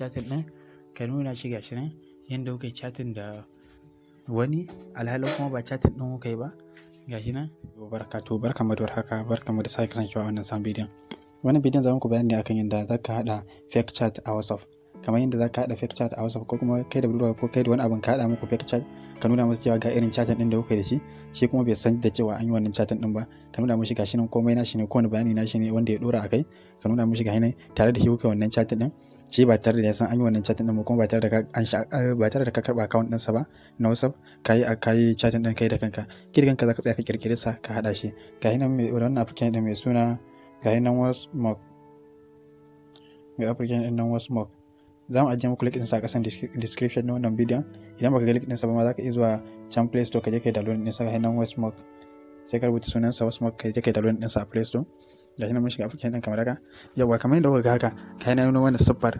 chatting ɗin ka nuna shi gashi nan yadda kuka yi chatting da wani alhali kuma ba chatting ɗin kuka yi ba gashi nan barka to barka mu da haka barka mu da sake kasancewa wannan sabon bidiyon wannan bidiyon za ku bayani ne akan yadda za ka haɗa fake chat a whatsapp kamar yadda za ka haɗa fake chat a whatsapp ko kuma kai da budurwa ko kai da wani abin ka haɗa muku fake chat ka nuna musu cewa ga irin chatting din da kuka da shi shi kuma bai san da cewa an yi wannan chatin din ba ka nuna mishi gashi nan komai nashi ne kowane bayani nashi ne wanda ya ɗora a kai ka nuna mishi gashi nan tare da shi kuka wannan chatin din shi ba tare da ya san an yi wannan chatting din kuma ba tare da ka an eh, ba tare da ka karba account din sa ba na WhatsApp kai kai chatting din kai da kanka kai da kanka zaka tsaya ka kirkire sa ka hada shi ga nan mai wannan application din mai suna ga nan WhatsApp mai application din nan WhatsApp za mu ajiye muku link din sa kasan description na wannan bidiyon idan baka ga link din sa ba ma zaka iya zuwa can place to ka je kai download din sa ga nan WhatsApp sai ka rubuta sunan sa WhatsApp ka je kai download din sa a Play Store ga shi na mun shiga application din kamar haka yawa kamar yadda kuka ga haka kai na nuna wannan siffar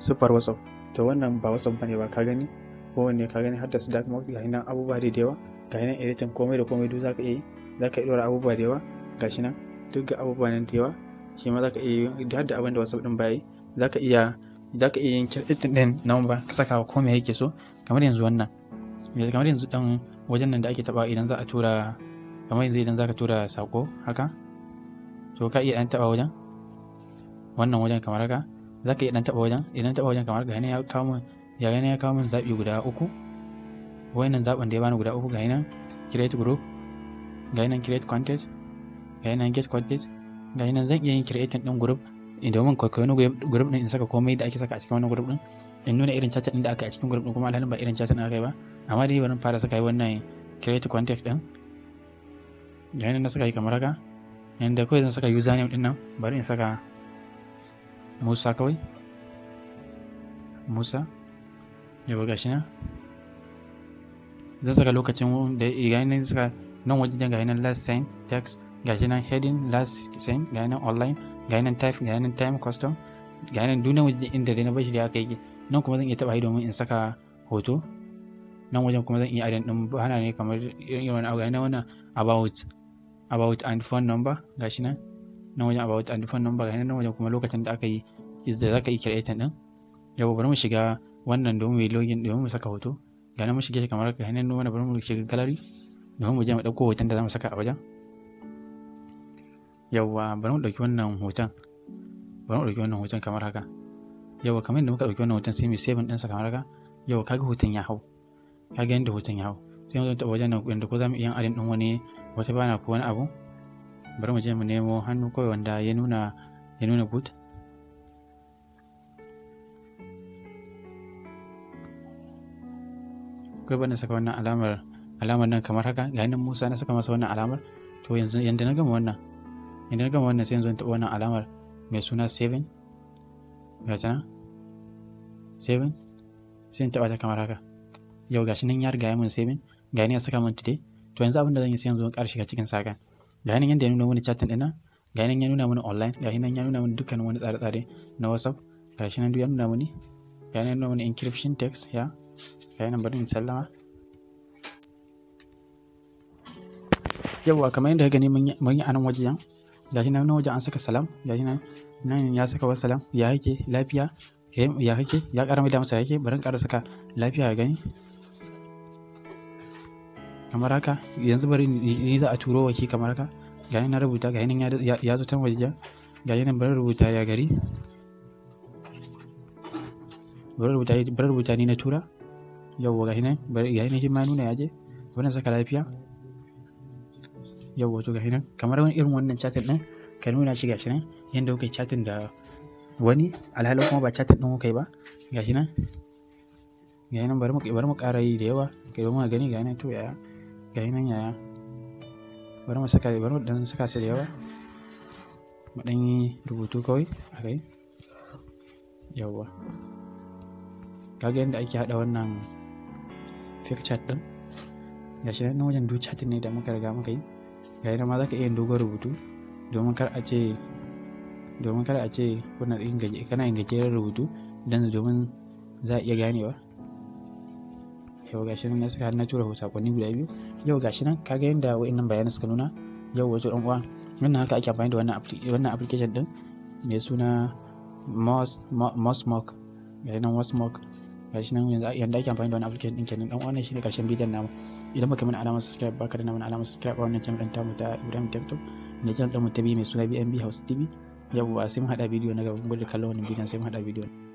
siffar whatsapp to wannan ba whatsapp bane ba ka gani ko wanne ka gani har da su dark mode ga nan abubuwa da yawa ga nan editing komai da komai duk ka iya za ka iya dora abubuwa da yawa ga shi nan duk ga abubuwa nan da yawa shi ma ka iya har da abin da whatsapp din bai zaka iya zaka iya yin editing nan ba ka saka wa komai yake so kamar yanzu wannan kamar yanzu dan wajen nan da ake taɓa idan za a tura kamar yanzu idan za ka tura sako haka to ka iya dan taba wajen wannan wajen kamar haka za ka iya dan taba wajen idan eh, taba wajen kamar ga ya kawo min ya ya kawo min zaɓi guda uku wayannan zaɓin da ya bani guda uku ga nan create group ga nan create content ga nan get content ga nan zan iya yin creating din group eh, domin kwakwai wani group din in saka komai da ake saka a cikin wannan group din in nuna irin chat din da aka yi a cikin group din kuma alhalin ba irin chatin aka yi ba amma dai bari fara saka yi wannan create content din ga nan na saka yi kamar haka yanda kawai zan saka username ɗin nan bari in saka musa kawai musa yau gashi nan zan saka lokacin da yi nan saka nan wajen gashi nan last sign text gashi nan heading last sign gashi nan online gashi nan type gashi nan time custom gashi nan duk nan wajen inda dai na bashi da aka yi nan kuma zan iya taɓa yi domin in saka hoto nan wajen kuma zan iya adin ɗin hana ne kamar irin irin abu gashi nan wannan about about and phone number gashi nan nan wajen about and phone number gashi nan wajen kuma lokacin da aka yi da za ka yi creating din yau bari mu shiga wannan domin mu yi login domin mu saka hoto ga nan mu shige shi kamar haka gashi nan wannan bari mu shiga gallery domin mu je mu ɗauko hoton da za mu saka a wajen Yawwa bari mu ɗauki wannan hoton bari mu ɗauki wannan hoton kamar haka yauwa kamar yadda muka ɗauki wannan hoton sai mu saving ɗinsa kamar haka Yawwa kaga hoton ya hau kaga yadda hoton ya hau sai mutum taɓa wajen nan ko za mu iya adin ɗin wani wata bana ko wani abu bari mu je mu nemo hannu kawai wanda ya nuna ya nuna boot kawai bana saka wannan alamar alamar nan kamar haka ga nan Musa na saka masa wannan alamar to yanzu yanda na gama wannan yanda na gama wannan sai yanzu in taɓa wannan alamar mai suna 7 ga tana 7 sai in taɓa ta kamar haka yau gashi nan ya riga ya mun 7 ga ni a saka mun today to yanzu abin da zan yi sai yanzu in ƙara shiga cikin saka ga nan yadda ya nuna mini chatting ɗin ga nan ya nuna mini online ga nan ya nuna mini dukkan wani tsare-tsare na whatsapp ga shi nan duk ya nuna mini ga nan nuna mini encryption text ya ga nan bari in sallama yawwa kamar yadda ka gani mun yi anan wajen ga shi nan wajen an saka salam ga shi nan nan ya saka wasu salam ya yake lafiya ya kake ya ƙara mai da masa yake bari in ƙara saka lafiya ya gani kamar haka yanzu bari ni za a turo waki kamar haka ga na rubuta ga nan ya zo tan wajen ga nan bari rubuta ya gari bari rubuta ni na tura yawwa ga nan bari yi nan shi ma nuna yaje wannan saka lafiya yawwa to ga nan kamar wani irin wannan chatin din ka nuna shi ga shi nan yadda kuka chatin da wani alhalin kuma ba chatin din kuka yi ba ga shi nan ga nan bari mu kara ƙara yi da yawa kai yi a gani ga nan to yaya ga nan yaya bari mu saka bari mu dan saka shi da yawa mu dan yi rubutu kawai a kai yawa kaga yadda ake haɗa wannan fake chat ɗin ga shi nan wajen duk chat ne da muka riga muka yi ga nan ma za ka iya dogon rubutu domin kar a ce domin kar a ce kuna kana yin rubutu dan domin za a iya ganewa yau ga shi nan na suka har na tura sakonni guda biyu yau shi nan kaga yadda wa'annan bayanan suka nuna yau wato ɗan uwa wannan haka ake amfani da wannan application ɗin mai suna mosmok gashi nan mosmok shi nan yadda ake amfani da wannan application ɗin kenan ɗan uwa shi ne ƙarshen bidiyon namu idan baka mana alamar subscribe baka da mana alamar subscribe a wannan channel tamu ta Ibrahim Tabto da channel tamu ta mai suna BNB House TV yau ba sai mu hada bidiyo na gaba gudu kallon wannan bidiyon sai mu hada bidiyo